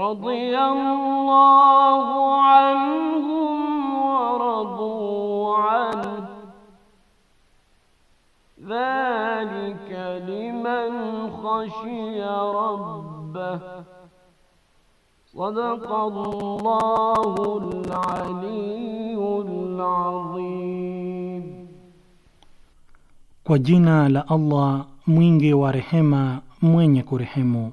رضي الله عنهم ورضوا عنه ذلك لمن خشي ربه صدق الله العلي العظيم Kwa jina la Allah mwingi wa rehema mwenye kurehemu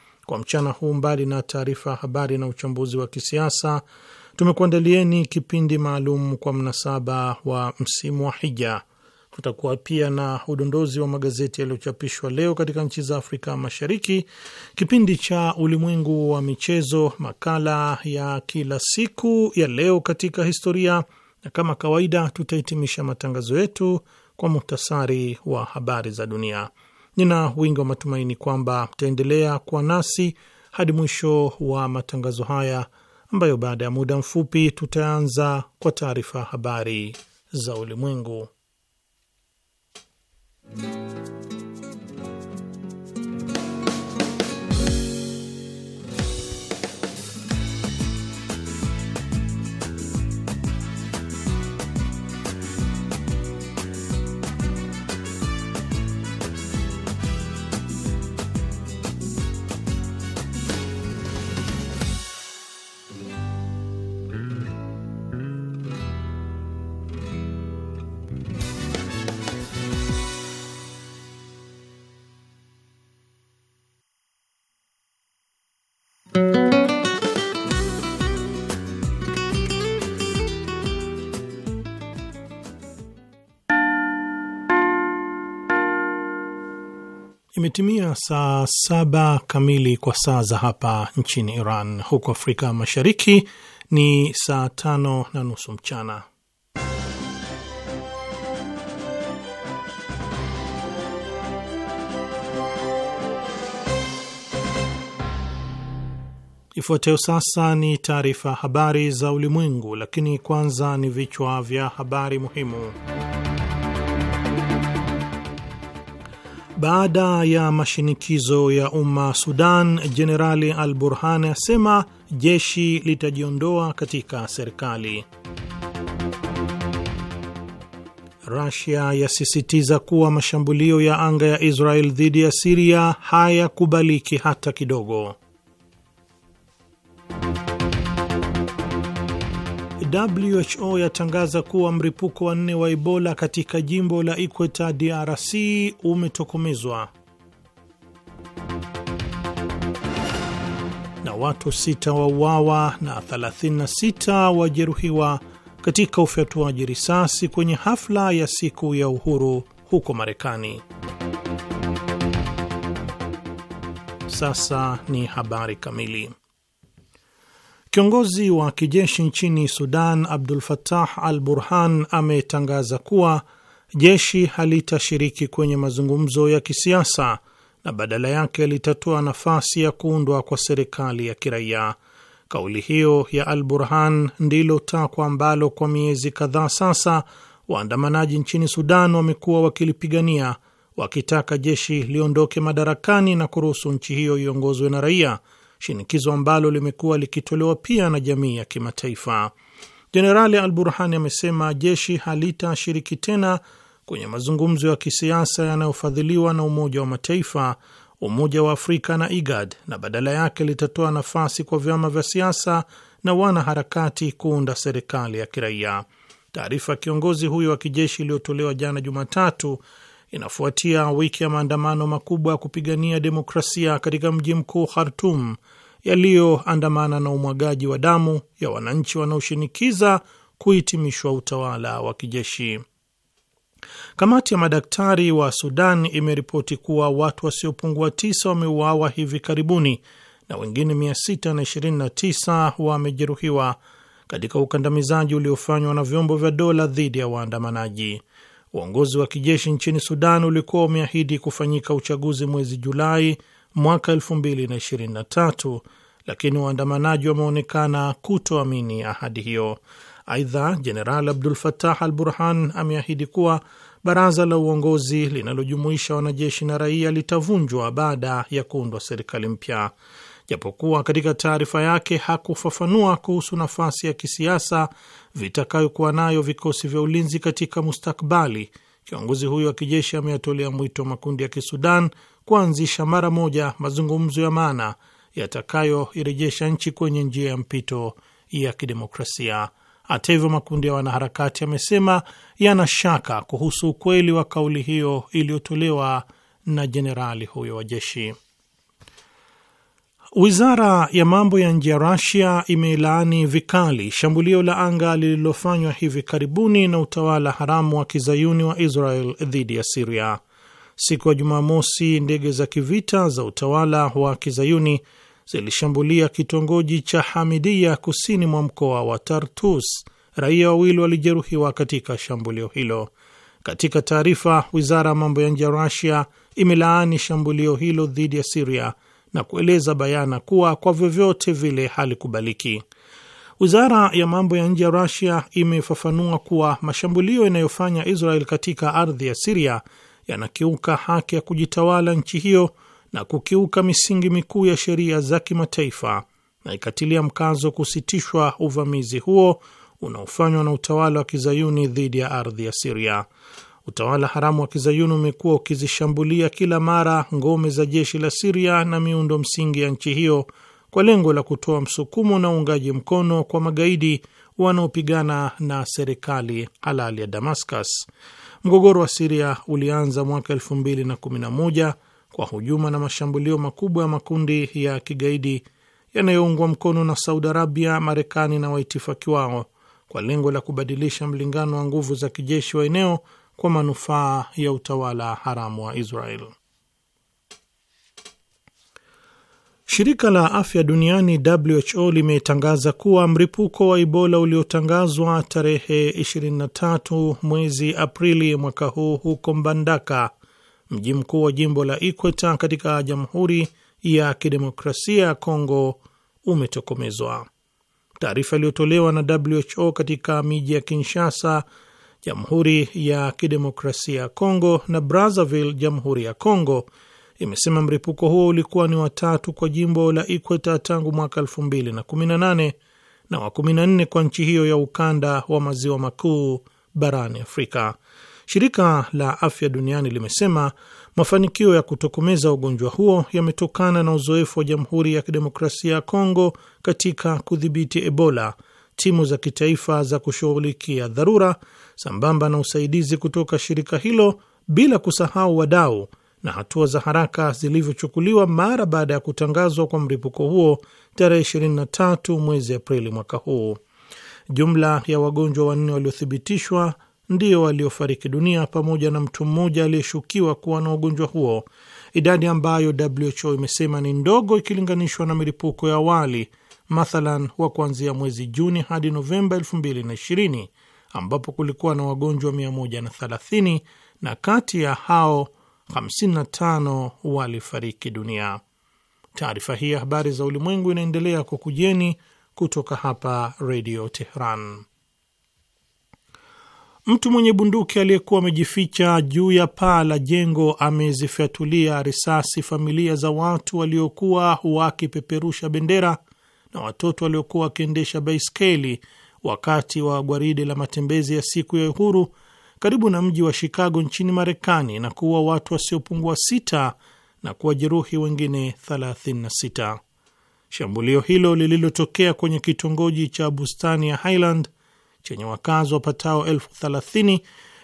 Kwa mchana huu, mbali na taarifa ya habari na uchambuzi wa kisiasa, tumekuandalieni kipindi maalum kwa mnasaba wa msimu wa hija. Tutakuwa pia na udondozi wa magazeti yaliyochapishwa leo katika nchi za Afrika Mashariki, kipindi cha ulimwengu wa michezo, makala ya kila siku ya leo katika historia, na kama kawaida tutahitimisha matangazo yetu kwa muhtasari wa habari za dunia. Nina wingi wa matumaini kwamba mtaendelea kuwa nasi hadi mwisho wa matangazo haya ambayo baada ya muda mfupi tutaanza kwa taarifa habari za ulimwengu. Imetimia saa saba kamili kwa saa za hapa nchini Iran. Huko Afrika Mashariki ni saa tano na nusu mchana. Ifuatayo sasa ni taarifa habari za ulimwengu, lakini kwanza ni vichwa vya habari muhimu. Baada ya mashinikizo ya umma Sudan, Jenerali Al Burhan asema jeshi litajiondoa katika serikali. Rusia yasisitiza kuwa mashambulio ya anga ya Israel dhidi ya Siria hayakubaliki hata kidogo. WHO yatangaza kuwa mripuko wa nne wa Ebola katika jimbo la Ikweta, DRC umetokomezwa. Na watu sita wauawa na 36 wajeruhiwa katika ufyatuaji risasi kwenye hafla ya siku ya uhuru huko Marekani. Sasa ni habari kamili. Kiongozi wa kijeshi nchini Sudan Abdul fatah al Burhan ametangaza kuwa jeshi halitashiriki kwenye mazungumzo ya kisiasa na badala yake litatoa nafasi ya kuundwa kwa serikali ya kiraia. Kauli hiyo ya al Burhan ndilo takwa ambalo kwa miezi kadhaa sasa waandamanaji nchini Sudan wamekuwa wakilipigania, wakitaka jeshi liondoke madarakani na kuruhusu nchi hiyo iongozwe na raia shinikizo ambalo limekuwa likitolewa pia na jamii ya kimataifa. Jenerali Al Burhani amesema jeshi halitashiriki tena kwenye mazungumzo ya kisiasa yanayofadhiliwa na Umoja wa Mataifa, Umoja wa Afrika na IGAD, na badala yake litatoa nafasi kwa vyama vya siasa na wanaharakati kuunda serikali ya kiraia. Taarifa ya kiongozi huyo wa kijeshi iliyotolewa jana Jumatatu inafuatia wiki ya maandamano makubwa ya kupigania demokrasia katika mji mkuu Khartum yaliyoandamana na umwagaji wa damu ya wananchi wanaoshinikiza kuhitimishwa utawala wa kijeshi. Kamati ya madaktari wa Sudan imeripoti kuwa watu wasiopungua tisa wameuawa hivi karibuni na wengine 629 wamejeruhiwa katika ukandamizaji uliofanywa na vyombo vya dola dhidi ya waandamanaji. Uongozi wa kijeshi nchini Sudan ulikuwa umeahidi kufanyika uchaguzi mwezi Julai mwaka 2023 lakini waandamanaji wameonekana kutoamini ahadi hiyo. Aidha, Jeneral Abdul Fatah al Burhan ameahidi kuwa baraza la uongozi linalojumuisha wanajeshi na raia litavunjwa baada ya kuundwa serikali mpya japokuwa katika taarifa yake hakufafanua kuhusu nafasi ya kisiasa vitakayokuwa nayo vikosi vya ulinzi katika mustakbali. Kiongozi huyo wa kijeshi ameyatolea mwito makundi ya Kisudan kuanzisha mara moja mazungumzo ya maana yatakayoirejesha nchi kwenye njia ya mpito ya kidemokrasia. Hata hivyo, makundi ya wanaharakati yamesema yana shaka kuhusu ukweli wa kauli hiyo iliyotolewa na jenerali huyo wa jeshi. Wizara ya mambo ya nje ya Rasia imelaani vikali shambulio la anga lililofanywa hivi karibuni na utawala haramu wa kizayuni wa Israel dhidi ya Siria. Siku ya Jumamosi, ndege za kivita za utawala wa kizayuni zilishambulia kitongoji cha Hamidia kusini mwa mkoa wa Tartus. Raia wawili walijeruhiwa katika shambulio hilo. Katika taarifa, wizara ya mambo ya nje ya Rasia imelaani shambulio hilo dhidi ya Siria na kueleza bayana kuwa kwa vyovyote vile halikubaliki. Wizara ya mambo ya nje ya Rusia imefafanua kuwa mashambulio yanayofanya Israel katika ardhi ya Siria yanakiuka haki ya kujitawala nchi hiyo na kukiuka misingi mikuu ya sheria za kimataifa, na ikatilia mkazo kusitishwa uvamizi huo unaofanywa na utawala wa kizayuni dhidi ya ardhi ya Siria. Utawala haramu wa kizayuni umekuwa ukizishambulia kila mara ngome za jeshi la Siria na miundo msingi ya nchi hiyo kwa lengo la kutoa msukumo na uungaji mkono kwa magaidi wanaopigana na serikali halali ya Damascus. Mgogoro wa Siria ulianza mwaka 2011 kwa hujuma na mashambulio makubwa ya makundi ya kigaidi yanayoungwa mkono na Saudi Arabia, Marekani na waitifaki wao kwa lengo la kubadilisha mlingano wa nguvu za kijeshi wa eneo kwa manufaa ya utawala haramu wa Israel. Shirika la afya duniani WHO limetangaza kuwa mlipuko wa Ebola uliotangazwa tarehe 23 mwezi Aprili mwaka huu huko Mbandaka, mji mkuu wa jimbo la Ikweta katika Jamhuri ya Kidemokrasia ya Kongo umetokomezwa. Taarifa iliyotolewa na WHO katika miji ya Kinshasa Jamhuri ya Kidemokrasia ya Kongo na Brazzaville, Jamhuri ya Kongo, imesema mlipuko huo ulikuwa ni watatu kwa jimbo la Ikweta tangu mwaka 2018 na wa 14 kwa nchi hiyo ya ukanda wa maziwa makuu barani Afrika. Shirika la Afya Duniani limesema mafanikio ya kutokomeza ugonjwa huo yametokana na uzoefu wa Jamhuri ya Kidemokrasia ya Kongo katika kudhibiti Ebola, timu za kitaifa za kushughulikia dharura sambamba na usaidizi kutoka shirika hilo, bila kusahau wadau na hatua za haraka zilivyochukuliwa mara baada ya kutangazwa kwa mlipuko huo tarehe 23 mwezi Aprili mwaka huu. Jumla ya wagonjwa wanne waliothibitishwa ndio waliofariki dunia pamoja na mtu mmoja aliyeshukiwa kuwa na ugonjwa huo, idadi ambayo WHO imesema ni ndogo ikilinganishwa na milipuko ya awali, mathalan wa kuanzia mwezi Juni hadi Novemba 2020 ambapo kulikuwa na wagonjwa 130 na, na kati ya hao 55 walifariki dunia. Taarifa hii ya habari za ulimwengu inaendelea kwa kujeni kutoka hapa Redio Tehran. Mtu mwenye bunduki aliyekuwa amejificha juu ya paa la jengo amezifyatulia risasi familia za watu waliokuwa wakipeperusha bendera na watoto waliokuwa wakiendesha baiskeli wakati wa gwaride la matembezi ya siku ya uhuru karibu na mji wa Chicago nchini Marekani na kuua watu wasiopungua sita na kuwajeruhi wengine 36. Shambulio hilo lililotokea kwenye kitongoji cha bustani ya Highland chenye wakazi wapatao elfu thelathini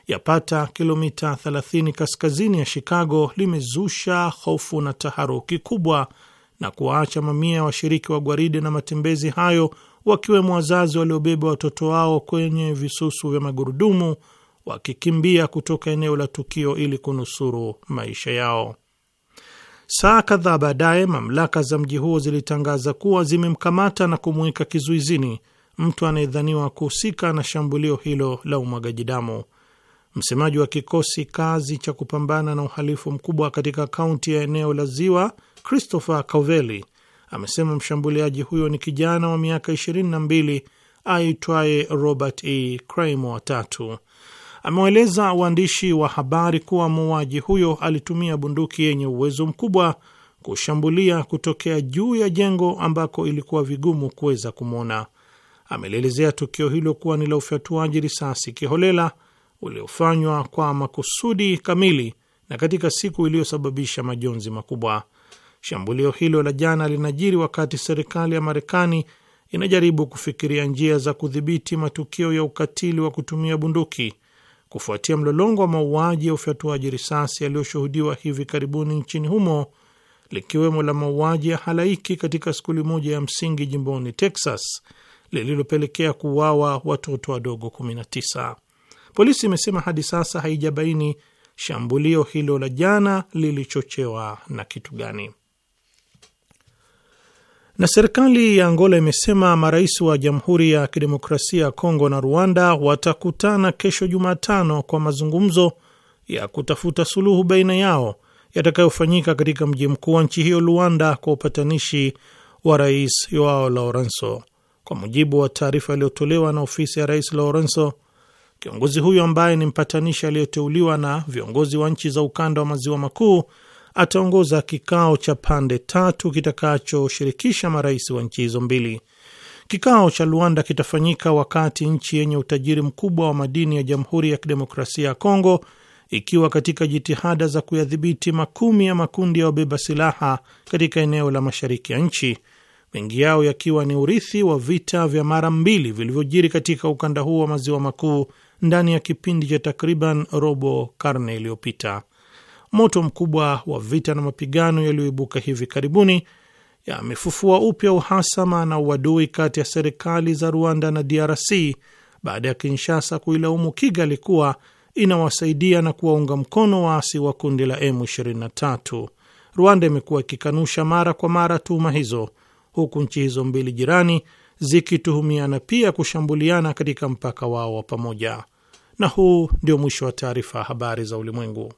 yapata kilomita 30 kaskazini ya Chicago limezusha hofu na taharuki kubwa na kuwaacha mamia ya washiriki wa gwaride na matembezi hayo wakiwemo wazazi waliobeba watoto wao kwenye visusu vya magurudumu wakikimbia kutoka eneo la tukio ili kunusuru maisha yao. Saa kadhaa baadaye, mamlaka za mji huo zilitangaza kuwa zimemkamata na kumuweka kizuizini mtu anayedhaniwa kuhusika na shambulio hilo la umwagaji damu. Msemaji wa kikosi kazi cha kupambana na uhalifu mkubwa katika kaunti ya eneo la Ziwa, Christopher Coveli, amesema mshambuliaji huyo ni kijana wa miaka 22 aitwaye Robert E Crimo watatu. Amewaeleza waandishi wa habari kuwa muuaji huyo alitumia bunduki yenye uwezo mkubwa kushambulia kutokea juu ya jengo ambako ilikuwa vigumu kuweza kumwona. Amelielezea tukio hilo kuwa ni la ufyatuaji risasi kiholela uliofanywa kwa makusudi kamili na katika siku iliyosababisha majonzi makubwa. Shambulio hilo la jana linajiri wakati serikali ya Marekani inajaribu kufikiria njia za kudhibiti matukio ya ukatili wa kutumia bunduki kufuatia mlolongo wa mauaji ya ufyatuaji risasi yaliyoshuhudiwa hivi karibuni nchini humo, likiwemo la mauaji ya halaiki katika skuli moja ya msingi jimboni Texas lililopelekea kuuawa watoto wadogo 19. Polisi imesema hadi sasa haijabaini shambulio hilo la jana lilichochewa na kitu gani. Na serikali ya Angola imesema marais wa Jamhuri ya Kidemokrasia ya Kongo na Rwanda watakutana kesho Jumatano kwa mazungumzo ya kutafuta suluhu baina yao yatakayofanyika katika mji mkuu wa nchi hiyo Luanda, kwa upatanishi wa Rais Joao Lourenco. Kwa mujibu wa taarifa iliyotolewa na ofisi ya Rais Lourenco, kiongozi huyo ambaye ni mpatanishi aliyoteuliwa na viongozi wa nchi za ukanda wa maziwa makuu ataongoza kikao cha pande tatu kitakachoshirikisha marais wa nchi hizo mbili. Kikao cha Luanda kitafanyika wakati nchi yenye utajiri mkubwa wa madini ya Jamhuri ya Kidemokrasia ya Kongo ikiwa katika jitihada za kuyadhibiti makumi ya makundi ya wabeba silaha katika eneo la mashariki ya nchi, mengi yao yakiwa ni urithi wa vita vya mara mbili vilivyojiri katika ukanda huu wa maziwa makuu ndani ya kipindi cha takriban robo karne iliyopita moto mkubwa wa vita na mapigano yaliyoibuka hivi karibuni yamefufua upya uhasama na uadui kati ya serikali za Rwanda na DRC baada ya Kinshasa kuilaumu Kigali kuwa inawasaidia na kuwaunga mkono waasi wa kundi la M23. Rwanda imekuwa ikikanusha mara kwa mara tuhuma hizo, huku nchi hizo mbili jirani zikituhumiana pia kushambuliana katika mpaka wao wa pamoja. Na huu ndio mwisho wa taarifa ya habari za ulimwengu.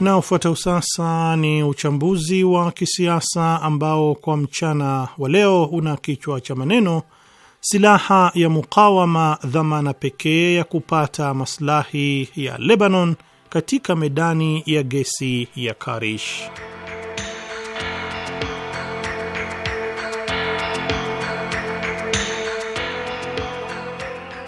na Unaofuata sasa ni uchambuzi wa kisiasa ambao kwa mchana wa leo una kichwa cha maneno silaha ya mukawama, dhamana pekee ya kupata maslahi ya Lebanon katika medani ya gesi ya Karish.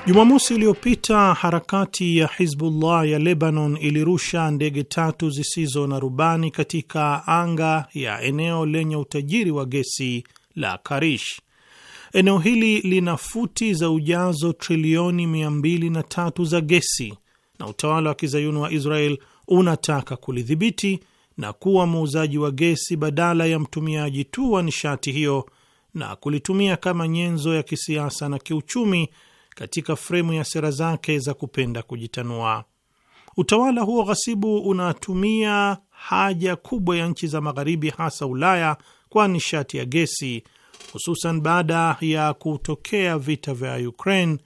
Jumamosi iliyopita harakati ya Hizbullah ya Lebanon ilirusha ndege tatu zisizo na rubani katika anga ya eneo lenye utajiri wa gesi la Karish. Eneo hili lina futi za ujazo trilioni 23 za gesi na utawala wa kizayuni wa Israel unataka kulidhibiti na kuwa muuzaji wa gesi badala ya mtumiaji tu wa nishati hiyo na kulitumia kama nyenzo ya kisiasa na kiuchumi katika fremu ya sera zake za kupenda kujitanua. Utawala huo ghasibu unatumia haja kubwa ya nchi za Magharibi, hasa Ulaya, kwa nishati ya gesi, hususan baada ya kutokea vita vya Ukraine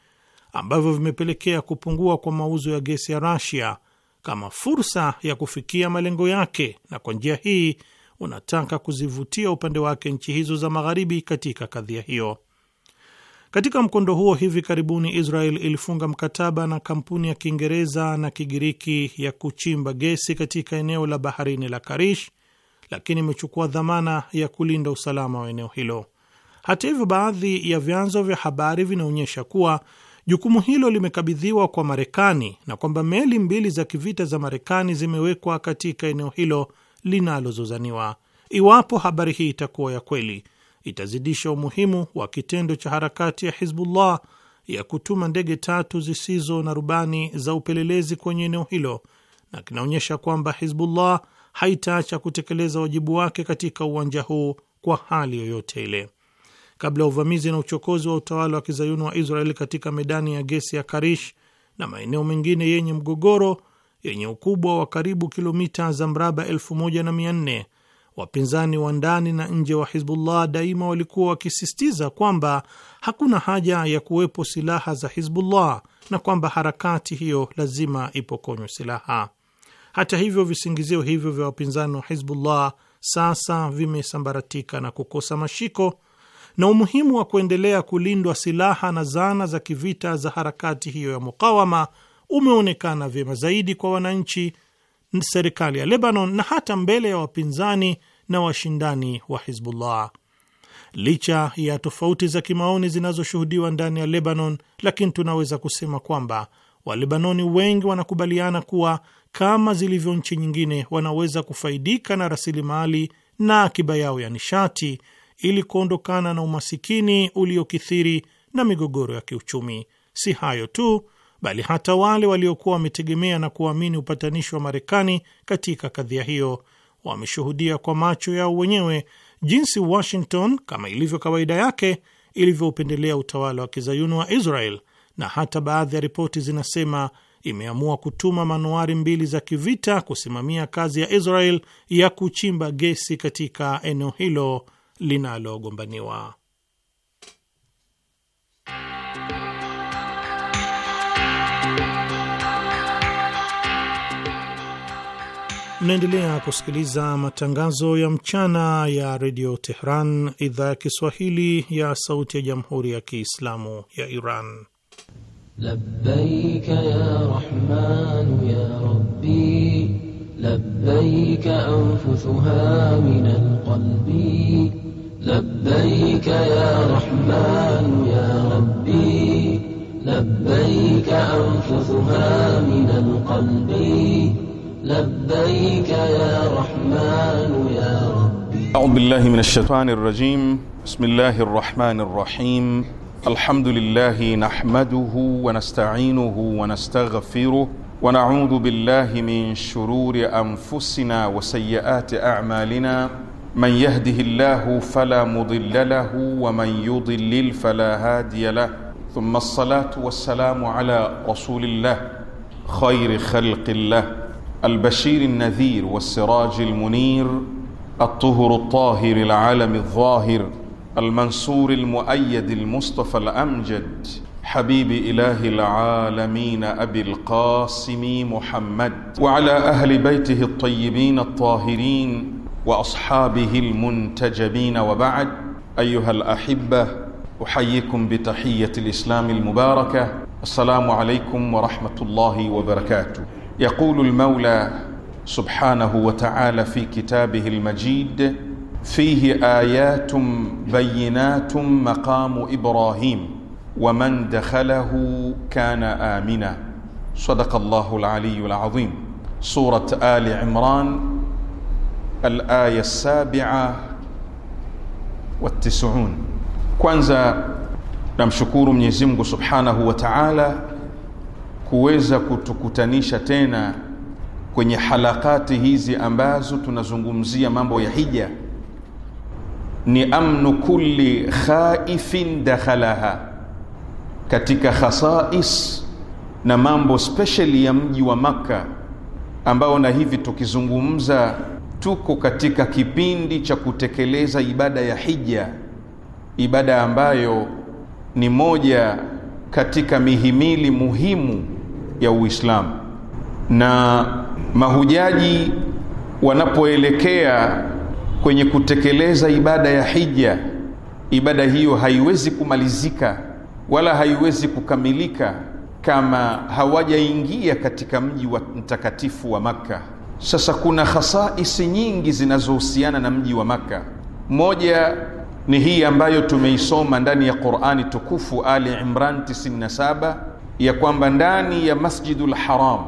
ambavyo vimepelekea kupungua kwa mauzo ya gesi ya Russia kama fursa ya kufikia malengo yake, na kwa njia hii unataka kuzivutia upande wake nchi hizo za Magharibi katika kadhia hiyo. Katika mkondo huo, hivi karibuni Israel ilifunga mkataba na kampuni ya Kiingereza na Kigiriki ya kuchimba gesi katika eneo la baharini la Karish, lakini imechukua dhamana ya kulinda usalama wa eneo hilo. Hata hivyo, baadhi ya vyanzo vya habari vinaonyesha kuwa jukumu hilo limekabidhiwa kwa Marekani na kwamba meli mbili za kivita za Marekani zimewekwa katika eneo hilo linalozozaniwa. Iwapo habari hii itakuwa ya kweli itazidisha umuhimu wa kitendo cha harakati ya Hizbullah ya kutuma ndege tatu zisizo na rubani za upelelezi kwenye eneo hilo na kinaonyesha kwamba Hizbullah haitaacha kutekeleza wajibu wake katika uwanja huu kwa hali yoyote ile. Kabla ya uvamizi na uchokozi wa utawala wa kizayuni wa Israeli katika medani ya gesi ya Karish na maeneo mengine yenye mgogoro yenye ukubwa wa karibu kilomita za mraba elfu moja na mia nne Wapinzani wa ndani na nje wa Hizbullah daima walikuwa wakisisitiza kwamba hakuna haja ya kuwepo silaha za Hizbullah na kwamba harakati hiyo lazima ipokonywe silaha. Hata hivyo, visingizio hivyo vya wapinzani wa Hizbullah sasa vimesambaratika na kukosa mashiko, na umuhimu wa kuendelea kulindwa silaha na zana za kivita za harakati hiyo ya mukawama umeonekana vyema zaidi kwa wananchi, serikali ya Lebanon na hata mbele ya wapinzani na washindani wa Hizbullah. Licha ya tofauti za kimaoni zinazoshuhudiwa ndani ya Lebanon, lakini tunaweza kusema kwamba Walebanoni wengi wanakubaliana kuwa kama zilivyo nchi nyingine, wanaweza kufaidika na rasilimali na akiba yao ya nishati ili kuondokana na umasikini uliokithiri na migogoro ya kiuchumi. Si hayo tu, bali hata wale waliokuwa wametegemea na kuamini upatanishi wa Marekani katika kadhia hiyo wameshuhudia kwa macho yao wenyewe jinsi Washington, kama ilivyo kawaida yake, ilivyoupendelea utawala wa kizayuni wa Israel, na hata baadhi ya ripoti zinasema imeamua kutuma manuari mbili za kivita kusimamia kazi ya Israel ya kuchimba gesi katika eneo hilo linalogombaniwa. Mnaendelea kusikiliza matangazo ya mchana ya redio Tehran, idhaa ya Kiswahili ya sauti ya jamhuri ya kiislamu ya Iran. ya ya rabbi min alqalbi ya ya rabbi min alqalbi لبيك يا رحمن يا ربي أعوذ بالله من الشيطان الرجيم بسم الله الرحمن الرحيم الحمد لله نحمده ونستعينه ونستغفره ونعوذ بالله من شرور أنفسنا وسيئات أعمالنا من يهده الله فلا مضل له ومن يضلل فلا هادي له ثم الصلاة والسلام على رسول الله خير خلق الله البشير النذير والسراج المنير الطهر الطاهر العالم الظاهر المنصور المؤيد المصطفى الامجد حبيب اله العالمين ابي القاسم محمد وعلى اهل بيته الطيبين الطاهرين واصحابه المنتجبين وبعد ايها الاحبه احييكم بتحيه الاسلام المباركه السلام عليكم ورحمه الله وبركاته يقول المولى سبحانه وتعالى في كتابه المجيد فيه ايات بينات مقام ابراهيم ومن دخله كان امنا صدق الله العلي العظيم سوره ال عمران الايه السابعه والتسعون كوانزا نمشكور من mungu سبحانه وتعالى kuweza kutukutanisha tena kwenye halakati hizi ambazo tunazungumzia mambo ya hija ni amnu kulli khaifin dakhalaha, katika khasais na mambo special ya mji wa Makka ambao na hivi tukizungumza tuko katika kipindi cha kutekeleza ibada ya hija, ibada ambayo ni moja katika mihimili muhimu ya Uislamu. Na mahujaji wanapoelekea kwenye kutekeleza ibada ya hija, ibada hiyo haiwezi kumalizika wala haiwezi kukamilika kama hawajaingia katika mji wa mtakatifu wa Makka. Sasa kuna khasaisi nyingi zinazohusiana na mji wa Makka. Moja ni hii ambayo tumeisoma ndani ya Qur'ani tukufu, Ali Imran 97 ya kwamba ndani ya Masjidul Haram,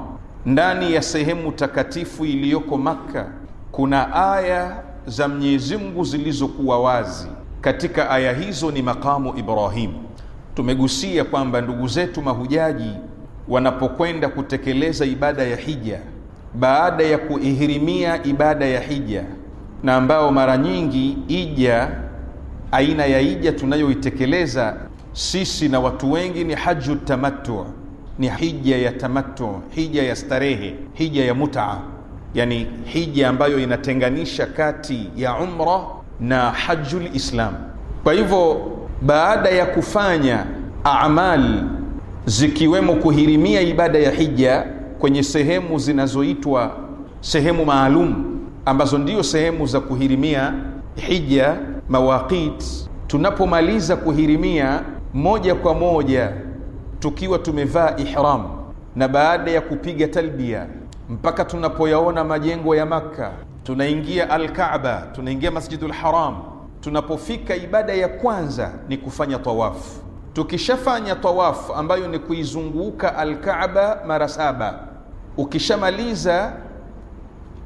ndani ya sehemu takatifu iliyoko Makka, kuna aya za Mwenyezi Mungu zilizokuwa wazi. Katika aya hizo ni makamu Ibrahim. Tumegusia kwamba ndugu zetu mahujaji wanapokwenda kutekeleza ibada ya hija, baada ya kuihirimia ibada ya hija, na ambao mara nyingi ija, aina ya ija tunayoitekeleza sisi na watu wengi ni haju tamattu, ni hija ya tamattu, hija ya starehe, hija ya mutaa, yani hija ambayo inatenganisha kati ya umra na hajul islam. Kwa hivyo baada ya kufanya amali zikiwemo kuhirimia ibada ya hija kwenye sehemu zinazoitwa sehemu maalum ambazo ndiyo sehemu za kuhirimia hija mawaqit, tunapomaliza kuhirimia moja kwa moja tukiwa tumevaa ihram, na baada ya kupiga talbia mpaka tunapoyaona majengo ya Makka, tunaingia Alkaaba, tunaingia Masjidul Haram. Tunapofika, ibada ya kwanza ni kufanya tawafu. Tukishafanya tawafu ambayo ni kuizunguka Alkaaba mara saba, ukishamaliza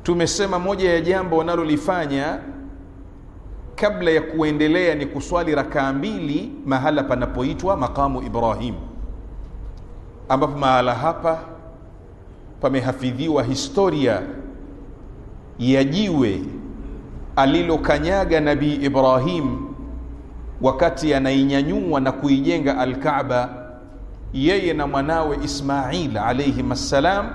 tumesema moja ya jambo wanalolifanya kabla ya kuendelea ni kuswali rakaa mbili mahala panapoitwa makamu Ibrahim, ambapo mahala hapa pamehafidhiwa historia ya jiwe alilokanyaga Nabii Ibrahim wakati anainyanyua na kuijenga Alkaaba, yeye na mwanawe Ismail alayhim assalam.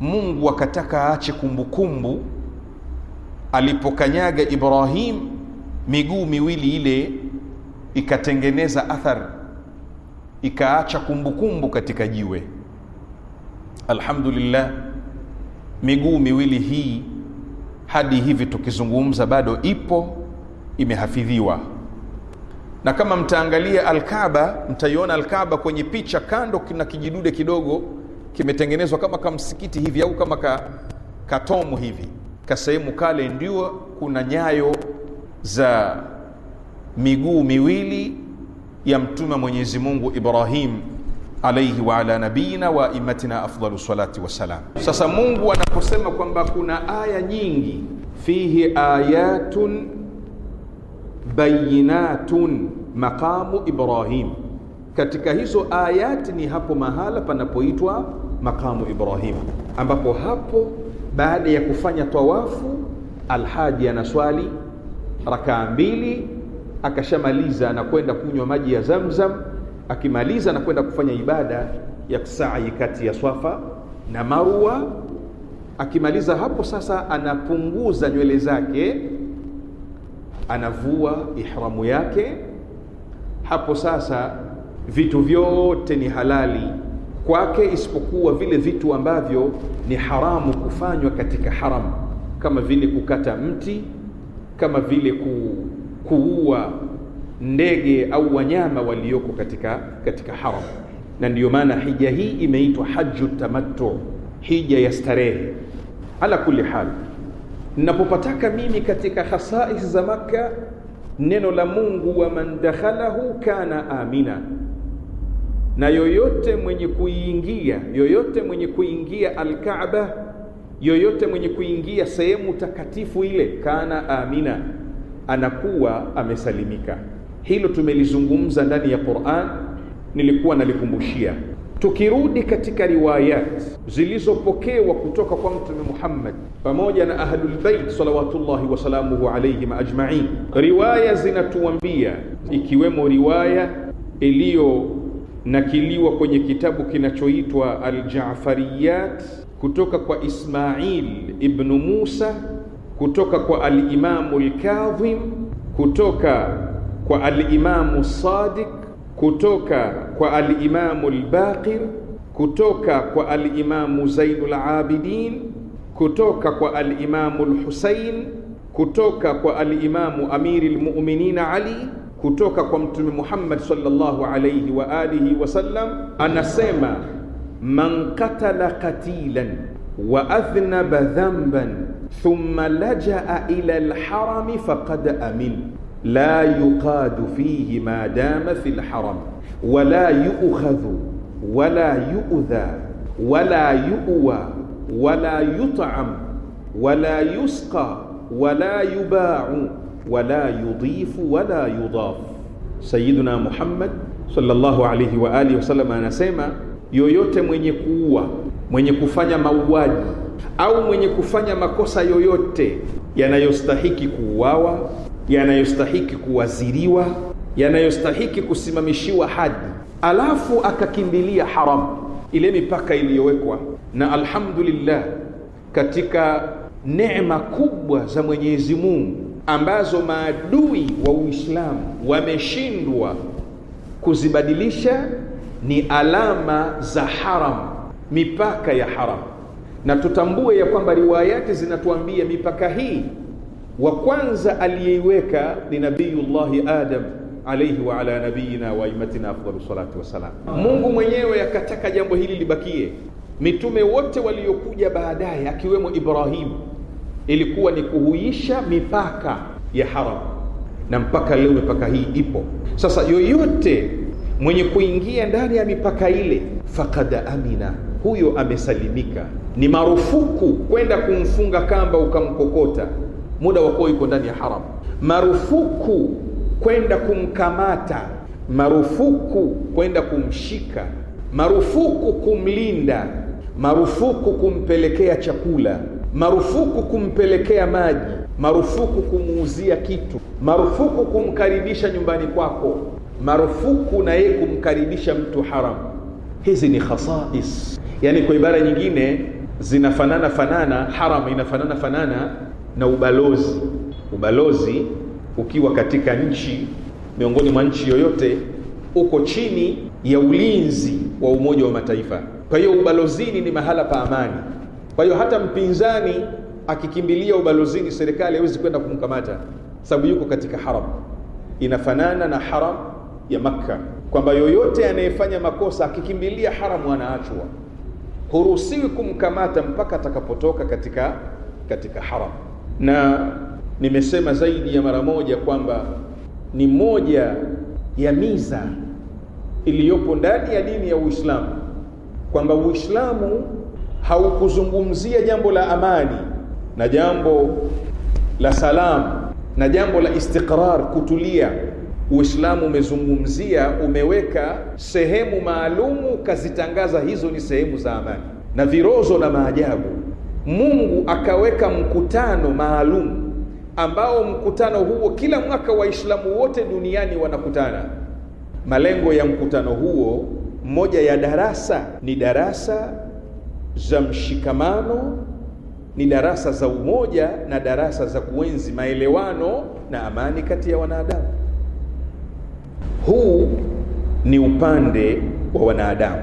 Mungu akataka aache kumbukumbu alipokanyaga Ibrahim miguu miwili ile ikatengeneza athar ikaacha kumbukumbu katika jiwe alhamdulillah miguu miwili hii hadi hivi tukizungumza bado ipo imehafidhiwa na kama mtaangalia alkaba mtaiona alkaba kwenye picha kando na kijidude kidogo kimetengenezwa kama kamsikiti hivi au kama ka, katomu hivi kasehemu kale ndio kuna nyayo za miguu miwili ya mtume Mwenyezi Mungu Ibrahim alaihi wa ala nabiyina wa imatina afdalu salati wassalam. Sasa Mungu anaposema kwamba kuna aya nyingi, fihi ayatun bayinatun maqamu Ibrahim, katika hizo ayati ni hapo mahala panapoitwa maqamu Ibrahim, ambapo hapo baada ya kufanya tawafu alhaji anaswali rakaa mbili, akashamaliza na kwenda kunywa maji ya Zamzam. Akimaliza na kwenda kufanya ibada ya kusai kati ya Swafa na Marwa. Akimaliza hapo sasa, anapunguza nywele zake, anavua ihramu yake. Hapo sasa vitu vyote ni halali kwake isipokuwa vile vitu ambavyo ni haramu kufanywa katika haramu, kama vile kukata mti kama vile ku, kuua ndege au wanyama walioko katika katika haram, na ndiyo maana hija hii imeitwa haju tamattu, hija ya starehe. Ala kulli hal, ninapopataka mimi katika khasais za Makka, neno la Mungu, man dakhalahu kana amina, na yoyote mwenye kuingia, yoyote mwenye kuingia Alkaaba yoyote mwenye kuingia sehemu takatifu ile, kana amina, anakuwa amesalimika. Hilo tumelizungumza ndani ya Qur'an, nilikuwa nalikumbushia. Tukirudi katika riwayat zilizopokewa kutoka kwa Mtume Muhammad pamoja na Ahlul Bait salawatullahi wasalamuhu alayhim ajma'in, riwaya zinatuambia ikiwemo riwaya iliyonakiliwa kwenye kitabu kinachoitwa Al-Ja'fariyat kutoka kwa Ismail ibn Musa kutoka kwa al-Imamu al-Kadhim kutoka kwa al-Imamu Sadiq kutoka kwa al-Imamu al-Baqir kutoka kwa al-Imamu Zainul Abidin kutoka kwa al-Imamu al-Husain kutoka kwa al-Imamu Amiril Mu'minin Ali kutoka kwa Mtume Muhammad sallallahu alayhi wa alihi wasallam anasema من قتل قتيلا وأذنب ذنبا ثم لجأ إلى الحرم فقد أمن لا يقاد فيه ما دام في الحرم ولا يؤخذ ولا يؤذى ولا يؤوى ولا يطعم ولا يسقى ولا يباع ولا يضيف ولا يضاف سيدنا محمد صلى الله عليه وآله وسلم سيما yoyote mwenye kuua, mwenye kufanya mauaji au mwenye kufanya makosa yoyote yanayostahiki kuuawa, yanayostahiki kuwaziriwa, yanayostahiki kusimamishiwa hadi, alafu akakimbilia haramu, ile mipaka iliyowekwa. Na alhamdulillah, katika neema kubwa za Mwenyezi Mungu ambazo maadui wa Uislamu wameshindwa kuzibadilisha ni alama za haram, mipaka ya haram, na tutambue ya kwamba riwayati zinatuambia mipaka hii wa kwanza aliyeiweka ni Nabiyullahi Adam alayhi wa ala nabiyina wa aimatina afdalu salatu wassalam. Mungu mwenyewe akataka jambo hili libakie. Mitume wote waliokuja baadaye akiwemo Ibrahim, ilikuwa ni kuhuisha mipaka ya haram, na mpaka leo mipaka hii ipo. Sasa yoyote mwenye kuingia ndani ya mipaka ile, faqad amina, huyo amesalimika. Ni marufuku kwenda kumfunga kamba ukamkokota muda wa kuwa yuko ndani ya haram, marufuku kwenda kumkamata, marufuku kwenda kumshika, marufuku kumlinda, marufuku kumpelekea chakula, marufuku kumpelekea maji, marufuku kumuuzia kitu, marufuku kumkaribisha nyumbani kwako marufuku na yeye kumkaribisha mtu haram. Hizi ni khasais, yaani kwa ibara nyingine zinafanana fanana, haram inafanana fanana na ubalozi. Ubalozi ukiwa katika nchi miongoni mwa nchi yoyote uko chini ya ulinzi wa Umoja wa Mataifa. Kwa hiyo ubalozini ni mahala pa amani. Kwa hiyo hata mpinzani akikimbilia ubalozini, serikali haiwezi kwenda kumkamata, sababu yuko katika haram, inafanana na haram ya Makka kwamba yoyote anayefanya makosa akikimbilia haramu anaachwa, huruhusiwi kumkamata mpaka atakapotoka katika katika haramu. Na nimesema zaidi ya mara moja kwamba ni moja ya miza iliyopo ndani ya dini ya Uislamu kwamba Uislamu haukuzungumzia jambo la amani na jambo la salamu na jambo la istiqrar, kutulia Uislamu umezungumzia, umeweka sehemu maalumu, kazitangaza hizo ni sehemu za amani na virozo na maajabu. Mungu akaweka mkutano maalum ambao mkutano huo kila mwaka Waislamu wote duniani wanakutana. Malengo ya mkutano huo, moja ya darasa ni darasa za mshikamano, ni darasa za umoja na darasa za kuenzi maelewano na amani kati ya wanadamu. Huu ni upande wa wanadamu.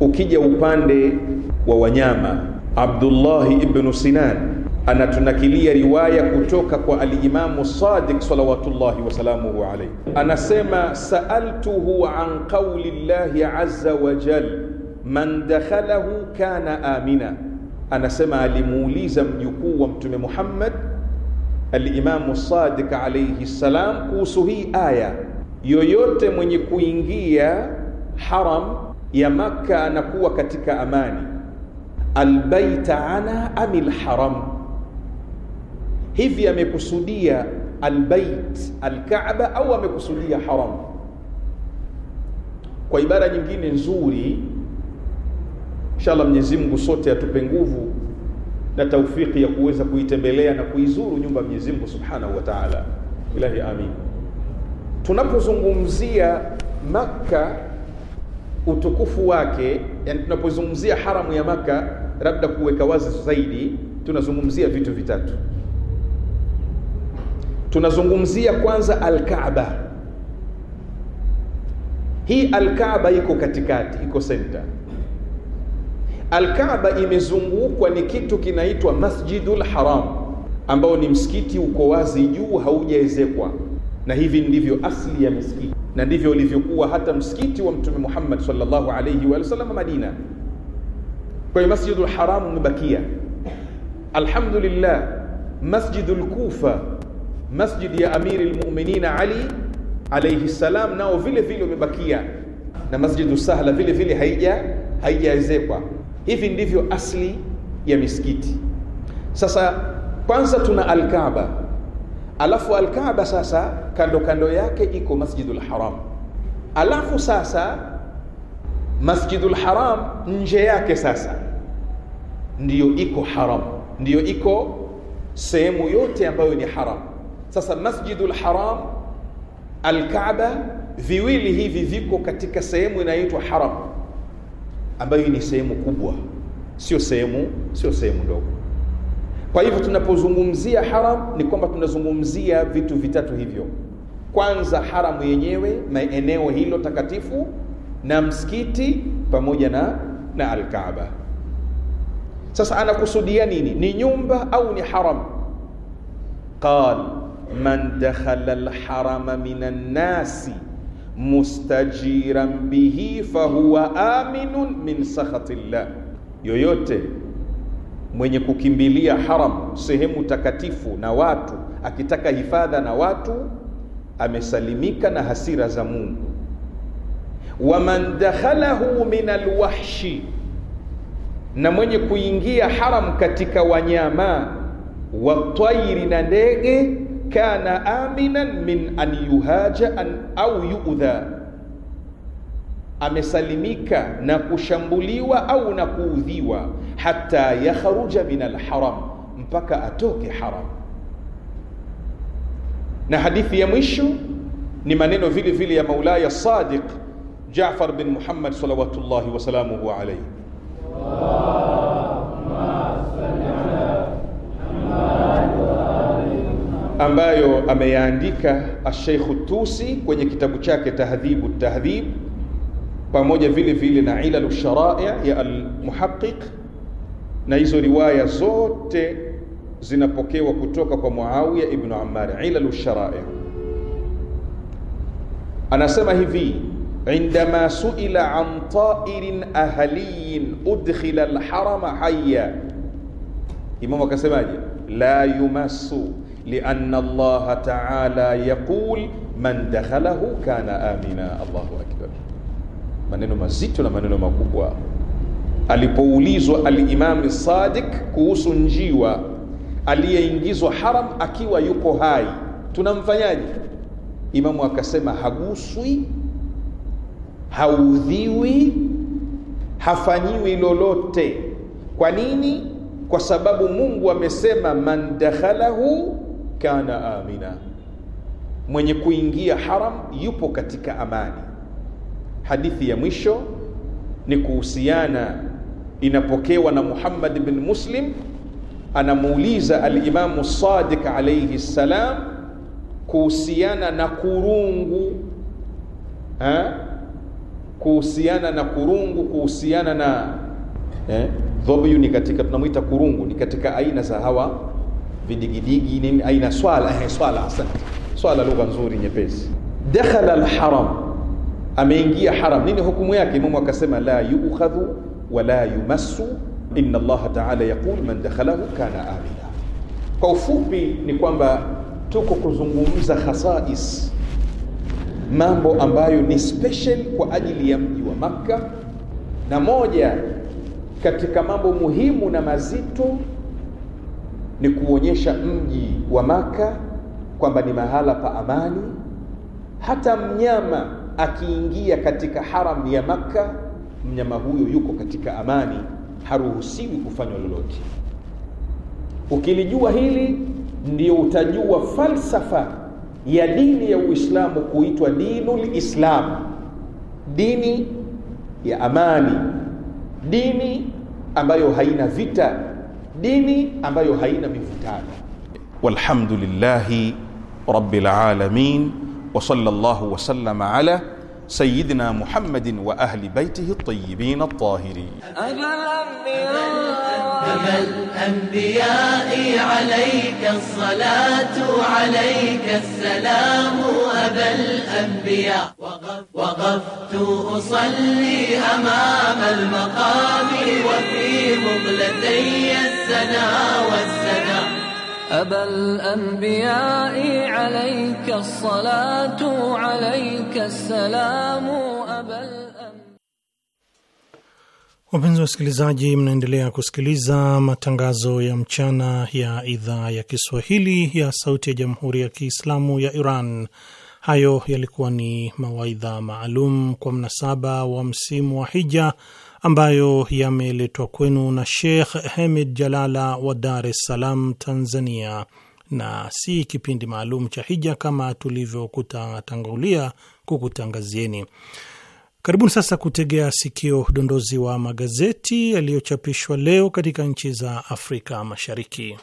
Ukija upande wa wanyama, Abdullahi ibnu Sinan anatunakilia riwaya kutoka kwa alimamu Sadiq salawatullahi wasalamuhu alaihi, anasema saaltuhu an qauli llahi azza wa jal man dakhalahu kana amina. Anasema alimuuliza mjukuu wa Mtume Muhammad alimamu Sadiq alaihi ssalam kuhusu hii aya yoyote mwenye kuingia haram ya Makka anakuwa katika amani. Albaita ana amil haram, hivi amekusudia albait alkaaba au amekusudia haram? Kwa ibara nyingine nzuri, inshallah Mwenyezi Mungu sote atupe nguvu na taufiki ya kuweza kuitembelea na kuizuru nyumba ya Mwenyezi Mungu Subhanahu wa Ta'ala. Ilahi, amin tunapozungumzia Makka utukufu wake, yani tunapozungumzia haramu ya Makka, labda kuweka wazi zaidi, tunazungumzia vitu vitatu. Tunazungumzia kwanza Alkaaba. Hii Alkaaba iko katikati, iko senta. Alkaaba imezungukwa ni kitu kinaitwa Masjidul Haram, ambao ni msikiti uko wazi juu, haujaezekwa na hivi ndivyo asli ya misikiti na ndivyo ulivyokuwa hata msikiti wa Mtume Muhammad sallallahu alayhi wa sallam Madina. Kwa hiyo Masjidul Haram umebakia, alhamdulillah. Masjidul Kufa, masjid ya Amiri lmuminin Ali alayhi salam, nao vile vile umebakia, na Masjidu Sahla vile vile haija haijaezekwa. Hivi ndivyo asli ya misikiti. Sasa kwanza tuna Alkaaba alafu Alkaaba sasa kando kando yake iko Masjidul Haram, alafu sasa Masjidul Haram nje yake sasa ndiyo iko haram, ndiyo iko sehemu yote ambayo ni haram. Sasa Masjidul Haram, Alkaaba, viwili hivi viko katika sehemu inaitwa haram, ambayo ni sehemu kubwa, sio sehemu sio sehemu ndogo. Kwa hivyo tunapozungumzia haram ni kwamba tunazungumzia vitu vitatu hivyo. Kwanza haramu yenyewe, maeneo hilo takatifu, na msikiti pamoja na, na Alkaaba. Sasa anakusudia nini? Ni nyumba au ni haram? Qal man dakhala alharama min annasi mustajiran bihi fahuwa aminun min sakhati llah, yoyote mwenye kukimbilia haram, sehemu takatifu na watu, akitaka hifadha na watu, amesalimika na hasira za Mungu. Waman dakhalahu min alwahshi, na mwenye kuingia haram katika wanyama wa tairi na ndege, kana aminan min an yuhaja an au yuudha, amesalimika na kushambuliwa au na kuudhiwa hatta yakhruja min alharam, mpaka atoke haram. Na hadithi ya mwisho ni maneno vile vile ya Maulaya Sadiq Jaafar bin Muhammad salawatullahi wasalamuhu alaihi ambayo ameyaandika Asheikh Tusi kwenye kitabu chake Tahdhibu Tahdhib, pamoja vile vile na Ilalu Sharai ya Almuhaqiq na hizo riwaya zote zinapokewa kutoka kwa Muawiya ibn Ammar. Ilalu sharai anasema hivi indama suila an tairin ahaliyin udkhila alharama hayya, Imamu akasemaje? la yumassu lianna Allah taala yaqul man dakhalahu kana amina. Allahu akbar, maneno mazito na maneno makubwa alipoulizwa Alimami Sadik kuhusu njiwa aliyeingizwa haram akiwa yuko hai, tunamfanyaje? Imamu akasema haguswi, haudhiwi, hafanyiwi lolote. Kwa nini? Kwa sababu Mungu amesema, man dakhalahu kana amina, mwenye kuingia haram yupo katika amani. Hadithi ya mwisho ni kuhusiana inapokewa na Muhammad bin Muslim, anamuuliza Alimamu Sadiq alaihi salam kuhusiana na kurungu ha? kuhusiana na kurungu, kuhusiana na eh? dhobyu ni katika tunamwita kurungu, ni katika aina za hawa vidigidigi, ni aina swala, eh, swala, asante swala, lugha nzuri nyepesi. Dakhala alharam, ameingia haram, nini hukumu yake? Imamu akasema la yukhadhu wala yumassu, inna Allah ta'ala yaqul man dakhalahu kana amina. Kwa ufupi ni kwamba tuko kuzungumza khasais, mambo ambayo ni special kwa ajili ya mji wa Makka, na moja katika mambo muhimu na mazito ni kuonyesha mji wa Makka kwamba ni mahala pa amani. Hata mnyama akiingia katika haram ya Makka mnyama huyo yuko katika amani haruhusiwi kufanywa lolote ukilijua hili ndio utajua falsafa ya dini ya uislamu kuitwa dinu lislam dini ya amani dini ambayo haina vita dini ambayo haina mivutano walhamdulillahi rabbil alamin wa sallallahu sallama ala سيدنا محمد وأهل بيته الطيبين الطاهرين أبا الأنبياء عليك الصلاة عليك السلام أبا الأنبياء وقفت أصلي أمام المقام وفي مقلتي السنا والسلام أبا الأنبياء عليك الصلاة عليك السلام أبا Wapenzi wasikilizaji, mnaendelea kusikiliza matangazo ya mchana ya idhaa ya Kiswahili ya Sauti ya Jamhuri ya Kiislamu ya Iran. Hayo yalikuwa ni mawaidha maalum kwa mnasaba wa msimu wa hija ambayo yameletwa kwenu na Sheikh Hamid Jalala wa Dar es Salaam, Tanzania, na si kipindi maalum cha hija kama tulivyokutangulia kukutangazieni. Karibuni sasa kutegea sikio udondozi wa magazeti yaliyochapishwa leo katika nchi za Afrika Mashariki.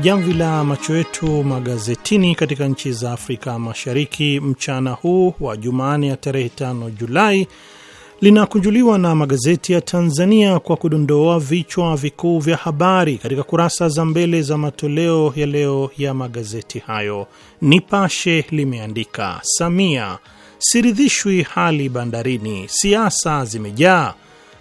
Jamvi la macho yetu magazetini katika nchi za Afrika Mashariki mchana huu wa Jumanne ya tarehe 5 Julai linakunjuliwa na magazeti ya Tanzania kwa kudondoa vichwa vikuu vya habari katika kurasa za mbele za matoleo ya leo ya magazeti hayo. Nipashe limeandika Samia siridhishwi hali bandarini, siasa zimejaa.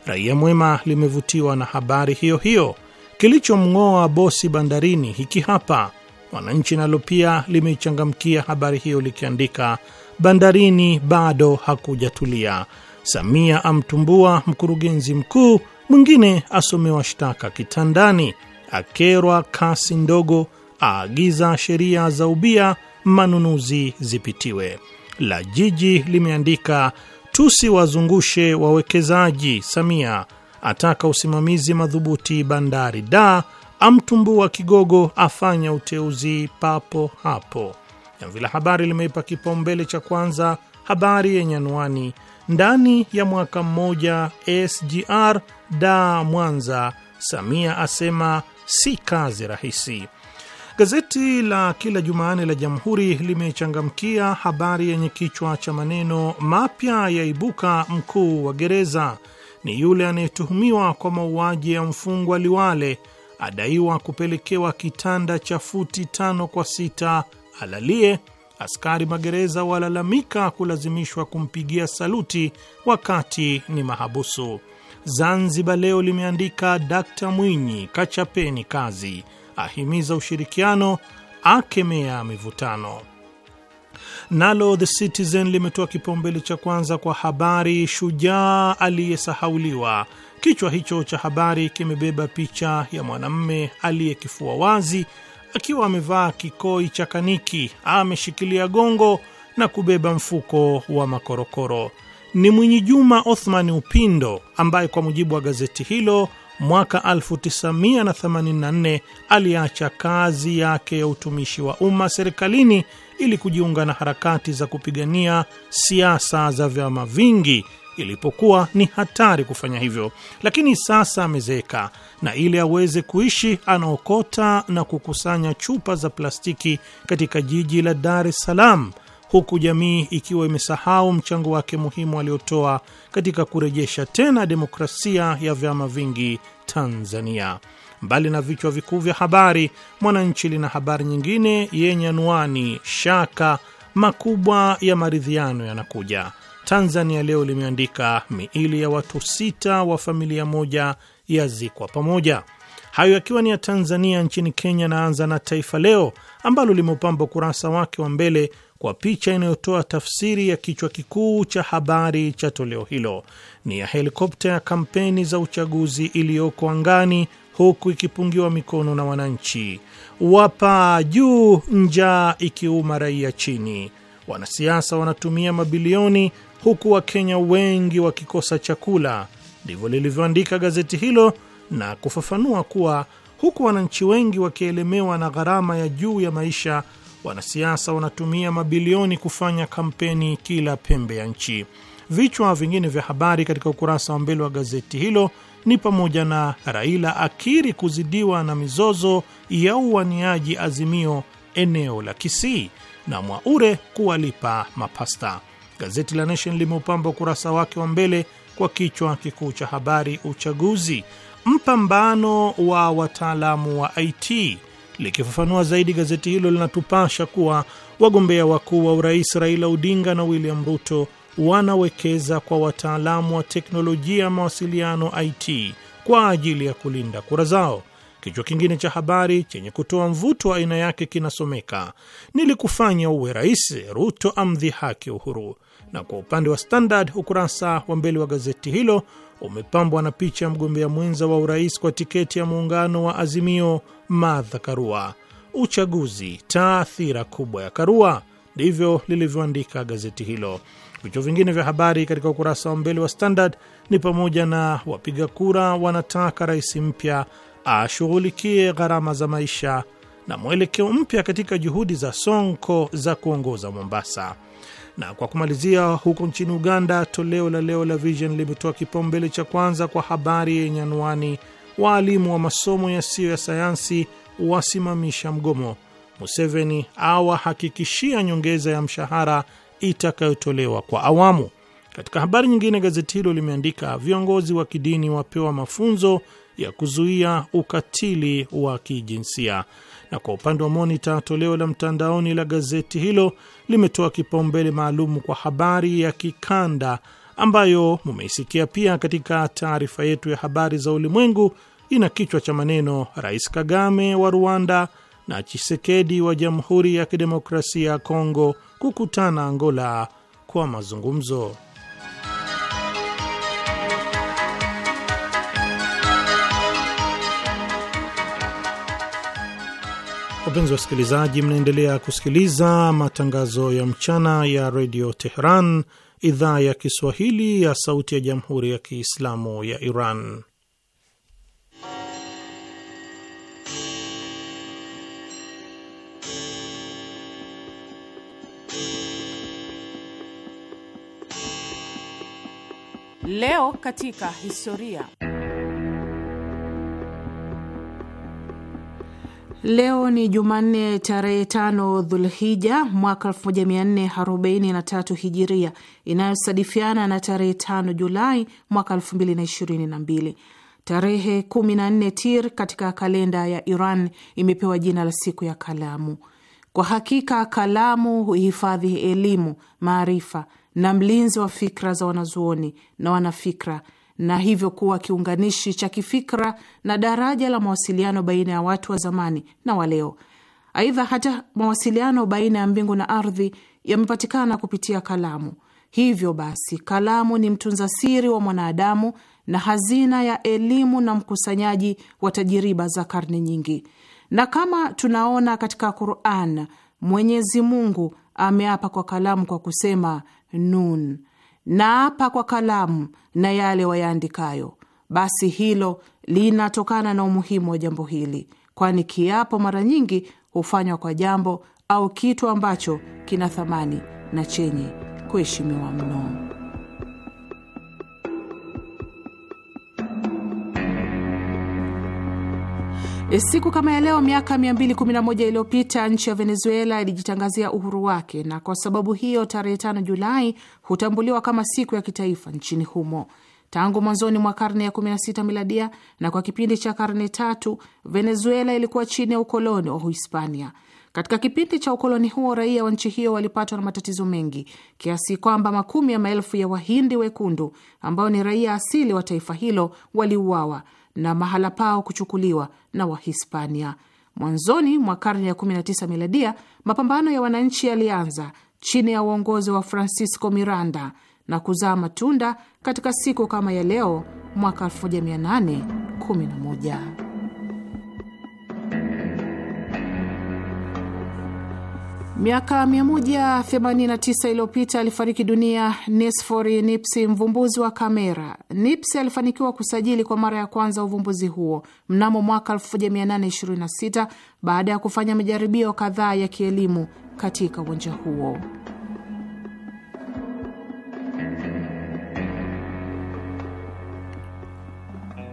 Raia Mwema limevutiwa na habari hiyo hiyo Kilichomng'oa bosi bandarini hiki hapa. Mwananchi nalo pia limeichangamkia habari hiyo likiandika, bandarini bado hakujatulia, Samia amtumbua mkurugenzi mkuu, mwingine asomewa shtaka kitandani, akerwa kasi ndogo, aagiza sheria za ubia manunuzi zipitiwe. La Jiji limeandika tusiwazungushe wawekezaji, Samia ataka usimamizi madhubuti bandari da, amtumbua kigogo, afanya uteuzi papo hapo. Jamvi la Habari limeipa kipaumbele cha kwanza habari yenye anwani ndani ya mwaka mmoja SGR da Mwanza, Samia asema si kazi rahisi. Gazeti la kila Jumanne la Jamhuri limechangamkia habari yenye kichwa cha maneno mapya yaibuka mkuu wa gereza ni yule anayetuhumiwa kwa mauaji ya mfungwa Liwale adaiwa kupelekewa kitanda cha futi tano kwa sita alalie. Askari magereza walalamika kulazimishwa kumpigia saluti wakati ni mahabusu. Zanzibar Leo limeandika d Mwinyi kachapeni kazi, ahimiza ushirikiano, akemea mivutano. Nalo The Citizen limetoa kipaumbele cha kwanza kwa habari shujaa aliyesahauliwa. Kichwa hicho cha habari kimebeba picha ya mwanamme aliyekifua wazi akiwa amevaa kikoi cha kaniki, ameshikilia gongo na kubeba mfuko wa makorokoro. Ni Mwinyi Juma Othman Upindo ambaye kwa mujibu wa gazeti hilo mwaka 1984 aliacha kazi yake ya utumishi wa umma serikalini ili kujiunga na harakati za kupigania siasa za vyama vingi ilipokuwa ni hatari kufanya hivyo, lakini sasa amezeeka, na ili aweze kuishi anaokota na kukusanya chupa za plastiki katika jiji la Dar es Salaam, huku jamii ikiwa imesahau mchango wake muhimu aliotoa katika kurejesha tena demokrasia ya vyama vingi Tanzania. Mbali na vichwa vikuu vya habari, Mwananchi lina habari nyingine yenye anwani shaka makubwa ya maridhiano yanakuja. Tanzania Leo limeandika miili ya watu sita wa familia moja yazikwa pamoja. Hayo yakiwa ni ya Tanzania. Nchini Kenya, naanza na Taifa Leo ambalo limeupamba ukurasa wake wa mbele kwa picha inayotoa tafsiri ya kichwa kikuu cha habari cha toleo hilo, ni ya helikopta ya kampeni za uchaguzi iliyoko angani huku ikipungiwa mikono na wananchi, wapa juu, njaa ikiuma raia chini. Wanasiasa wanatumia mabilioni huku Wakenya wengi wakikosa chakula. Ndivyo lilivyoandika gazeti hilo na kufafanua kuwa huku wananchi wengi wakielemewa na gharama ya juu ya maisha, wanasiasa wanatumia mabilioni kufanya kampeni kila pembe ya nchi. Vichwa vingine vya habari katika ukurasa wa mbele wa gazeti hilo ni pamoja na Raila akiri kuzidiwa na mizozo ya uwaniaji Azimio eneo la Kisii na Mwaure kuwalipa mapasta. Gazeti la Nation limeupamba ukurasa wake wa mbele kwa kichwa kikuu cha habari uchaguzi, mpambano wa wataalamu wa IT. Likifafanua zaidi, gazeti hilo linatupasha kuwa wagombea wakuu wa urais Raila Odinga na William Ruto wanawekeza kwa wataalamu wa teknolojia ya mawasiliano IT kwa ajili ya kulinda kura zao. Kichwa kingine cha habari chenye kutoa mvuto wa aina yake kinasomeka nilikufanya uwe rais, Ruto amdhi haki Uhuru. Na kwa upande wa Standard, ukurasa wa mbele wa gazeti hilo umepambwa na picha ya mgombea mwenza wa urais kwa tiketi ya muungano wa Azimio, Martha Karua. Uchaguzi taathira kubwa ya Karua, ndivyo lilivyoandika gazeti hilo. Vichwa vingine vya habari katika ukurasa wa mbele wa Standard ni pamoja na wapiga kura wanataka rais mpya ashughulikie gharama za maisha na mwelekeo mpya katika juhudi za Sonko za kuongoza Mombasa. Na kwa kumalizia, huko nchini Uganda, toleo la leo la Vision limetoa kipaumbele cha kwanza kwa habari yenye anwani waalimu wa masomo yasiyo ya sayansi wasimamisha mgomo, Museveni awahakikishia nyongeza ya mshahara itakayotolewa kwa awamu. Katika habari nyingine, gazeti hilo limeandika viongozi wa kidini wapewa mafunzo ya kuzuia ukatili wa kijinsia. Na kwa upande wa Monita, toleo la mtandaoni la gazeti hilo limetoa kipaumbele maalum kwa habari ya kikanda ambayo mumeisikia pia katika taarifa yetu ya habari za ulimwengu. Ina kichwa cha maneno Rais Kagame wa Rwanda na Chisekedi wa Jamhuri ya Kidemokrasia ya Kongo kukutana Angola kwa mazungumzo. Wapenzi wasikilizaji, mnaendelea kusikiliza matangazo ya mchana ya redio Teheran, idhaa ya Kiswahili ya sauti ya jamhuri ya Kiislamu ya Iran. Leo katika historia. Leo ni Jumanne tarehe tano Dhulhija mwaka 1443 Hijiria, inayosadifiana na tarehe tano Julai mwaka 2022. Tarehe 14 Tir katika kalenda ya Iran imepewa jina la siku ya kalamu. Kwa hakika kalamu huhifadhi elimu, maarifa na mlinzi wa fikra za wanazuoni na wanafikra, na hivyo kuwa kiunganishi cha kifikra na daraja la mawasiliano baina ya watu wa zamani na waleo. Aidha, hata mawasiliano baina ya mbingu na ardhi yamepatikana kupitia kalamu. Hivyo basi, kalamu ni mtunza siri wa mwanadamu na hazina ya elimu na mkusanyaji wa tajiriba za karne nyingi. Na kama tunaona katika Quran, Mwenyezi Mungu ameapa kwa kalamu kwa kusema Nun, naapa kwa kalamu na yale wayaandikayo. Basi hilo linatokana na umuhimu wa jambo hili, kwani kiapo mara nyingi hufanywa kwa jambo au kitu ambacho kina thamani na chenye kuheshimiwa mno. E, siku kama ya leo miaka 211 iliyopita nchi ya Venezuela ilijitangazia uhuru wake, na kwa sababu hiyo tarehe 5 Julai hutambuliwa kama siku ya kitaifa nchini humo. Tangu mwanzoni mwa karne ya 16 miladia na kwa kipindi cha karne tatu, Venezuela ilikuwa chini ya ukoloni wa Uhispania. Katika kipindi cha ukoloni huo, raia wa nchi hiyo walipatwa na matatizo mengi kiasi kwamba makumi ya maelfu ya Wahindi wekundu ambao ni raia asili wa taifa hilo waliuawa na mahala pao kuchukuliwa na Wahispania. Mwanzoni mwa karne ya 19 miladia, mapambano ya wananchi yalianza chini ya uongozi wa Francisco Miranda na kuzaa matunda katika siku kama ya leo mwaka 1811. Miaka 189 iliyopita alifariki dunia Nesfori Nipsi, mvumbuzi wa kamera. Nipsi alifanikiwa kusajili kwa mara ya kwanza uvumbuzi huo mnamo mwaka 1826 baada ya kufanya majaribio kadhaa ya kielimu katika uwanja huo.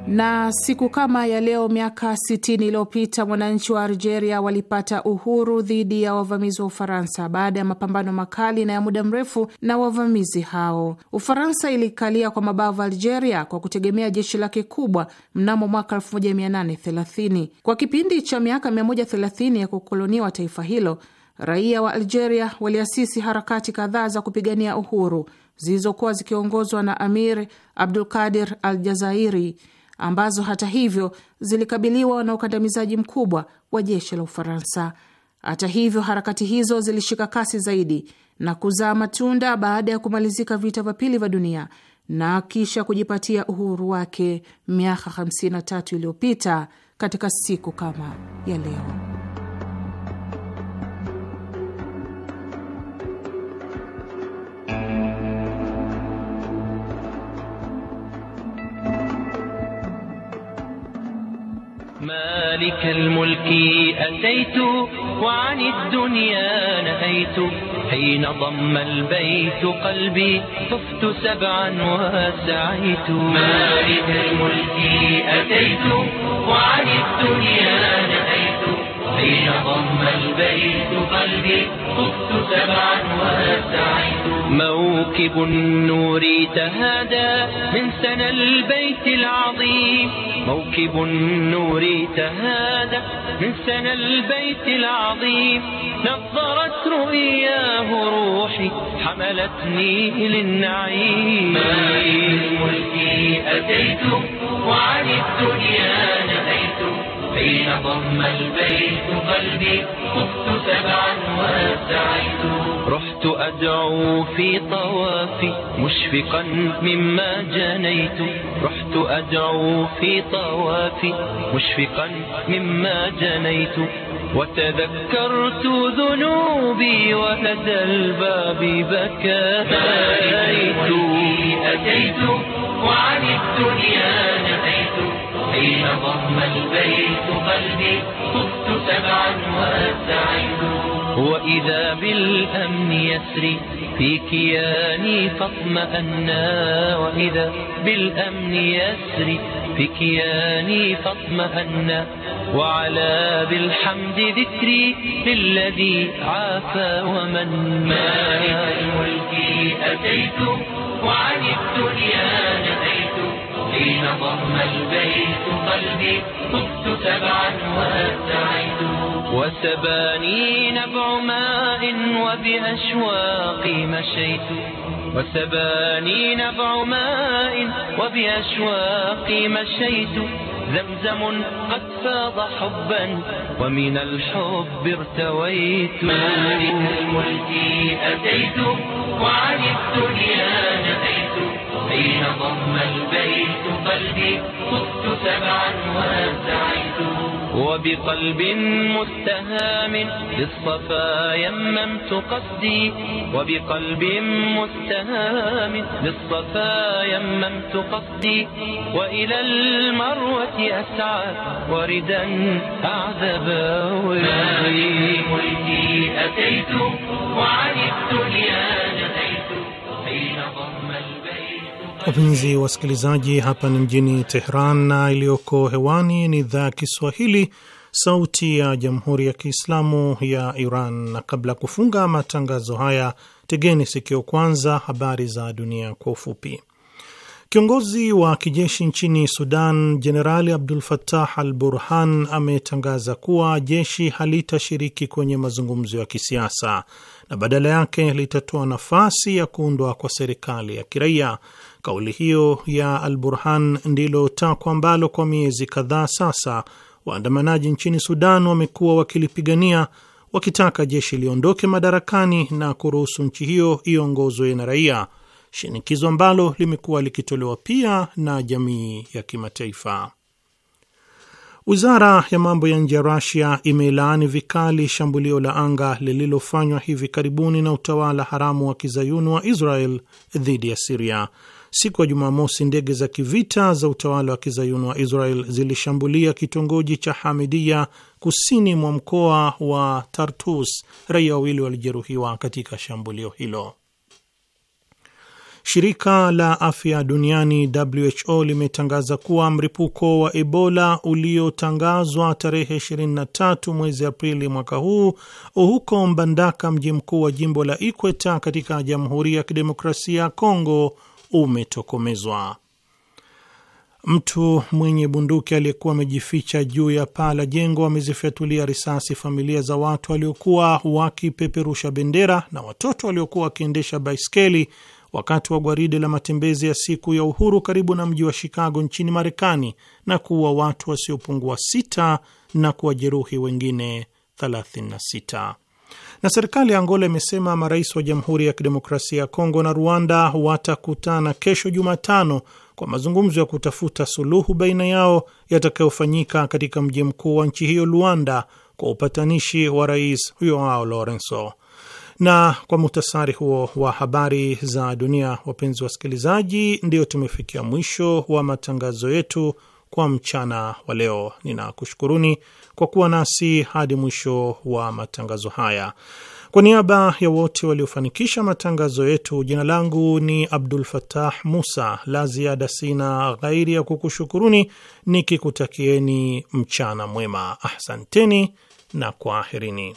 Na siku kama ya leo miaka 60 iliyopita mwananchi wa Algeria walipata uhuru dhidi ya wavamizi wa Ufaransa baada ya mapambano makali na ya muda mrefu na wavamizi hao. Ufaransa ilikalia kwa mabavu Algeria kwa kutegemea jeshi lake kubwa mnamo mwaka 1830. Kwa kipindi cha miaka 130 ya kukoloniwa taifa hilo, raia wa Algeria waliasisi harakati kadhaa za kupigania uhuru zilizokuwa zikiongozwa na Amir Abdulkadir Al Jazairi ambazo hata hivyo zilikabiliwa na ukandamizaji mkubwa wa jeshi la Ufaransa. Hata hivyo, harakati hizo zilishika kasi zaidi na kuzaa matunda baada ya kumalizika vita vya pili vya dunia na kisha kujipatia uhuru wake miaka 53 iliyopita katika siku kama ya leo. مالك الملك أتيت وعن الدنيا نهيت حين ضم البيت قلبي طفت سبعا وسعيت مالك الملك أتيت وعن الدنيا نهيت حين ضم البيت قلبي خفت سبعا وأبتعد موكب النور تهادى من سنى البيت العظيم موكب النور تهادى من سنى البيت العظيم نظرت رؤياه روحي حملتني للنعيم ما الملك أتيت وعن الدنيا نهيت حين ضم البيت قلبي خفت سبعا وابتعدت رحت أدعو في طوافي مشفقا مما جنيت رحت أدعو في طوافي مشفقا مما جنيت وتذكرت ذنوبي وهدى الباب بكى أتيت أتيت وعن الدنيا حين ضم البيت قلبي خفت سبعا وأبتعد وإذا بالأمن يسري في كياني فاطمأنا وإذا بالأمن يسري في كياني فاطمأنا وعلى بالحمد ذكري للذي عافى ومن مالك الملك أتيت وعن الدنيا نهيت حين ضم البيت قلبي خبت تبعا وابتعد وسباني نبع ماء وبأشواقي مشيت وسباني نبع ماء وبأشواقي مشيت زمزم قد فاض حبا ومن الحب ارتويت مالك الملك أتيت وعن الدنيا نهيت حين ضم البيت قلبي خذت سبعا وابتعيت وبقلب مستهام للصفا يممت قصدي وبقلب مستهام للصفا يممت قصدي وإلى المروة أسعى وردا أعذب لي ملكي أتيت وعن الدنيا نهيت حين ضم Wapenzi wasikilizaji, hapa ni mjini teheran na iliyoko hewani ni idhaa ya Kiswahili, Sauti ya Jamhuri ya Kiislamu ya Iran. Na kabla ya kufunga matangazo haya, tegeni sikio kwanza habari za dunia kwa ufupi. Kiongozi wa kijeshi nchini Sudan, Jenerali Abdul Fattah al Burhan, ametangaza kuwa jeshi halitashiriki kwenye mazungumzo ya kisiasa na badala yake litatoa nafasi ya kuundwa kwa serikali ya kiraia. Kauli hiyo ya Al Burhan ndilo takwa ambalo kwa miezi kadhaa sasa waandamanaji nchini Sudan wamekuwa wakilipigania wakitaka jeshi liondoke madarakani na kuruhusu nchi hiyo iongozwe na raia, shinikizo ambalo limekuwa likitolewa pia na jamii ya kimataifa. Wizara ya mambo ya nje ya Rusia imelaani vikali shambulio la anga lililofanywa hivi karibuni na utawala haramu wa kizayuni wa Israel dhidi ya Siria Siku ya Jumamosi, ndege za kivita za utawala wa kizayuni wa Israel zilishambulia kitongoji cha Hamidia kusini mwa mkoa wa Tartus. Raia wawili walijeruhiwa katika shambulio hilo. Shirika la afya duniani WHO limetangaza kuwa mripuko wa Ebola uliotangazwa tarehe 23 mwezi Aprili mwaka huu huko Mbandaka, mji mkuu wa jimbo la Ikweta katika Jamhuri ya Kidemokrasia ya Kongo, umetokomezwa. Mtu mwenye bunduki aliyekuwa amejificha juu ya paa la jengo amezifyatulia risasi familia za watu waliokuwa wakipeperusha bendera na watoto waliokuwa wakiendesha baiskeli wakati wa gwaride la matembezi ya siku ya uhuru karibu na mji wa Chicago nchini Marekani na kuua watu wasiopungua sita na kuwajeruhi wengine 36. Na serikali ya Angola imesema marais wa Jamhuri ya Kidemokrasia ya Kongo na Rwanda watakutana kesho Jumatano kwa mazungumzo ya kutafuta suluhu baina yao yatakayofanyika katika mji mkuu wa nchi hiyo Luanda, kwa upatanishi wa rais huyo wao Lorenzo. Na kwa muhtasari huo wa habari za dunia, wapenzi wasikilizaji, ndio tumefikia mwisho wa matangazo yetu kwa mchana wa leo. Ninakushukuruni kwa kuwa nasi hadi mwisho wa matangazo haya. Kwa niaba ya wote waliofanikisha matangazo yetu, jina langu ni Abdul Fatah Musa. La ziada sina ghairi ya kukushukuruni nikikutakieni mchana mwema. Ahsanteni na kwaherini.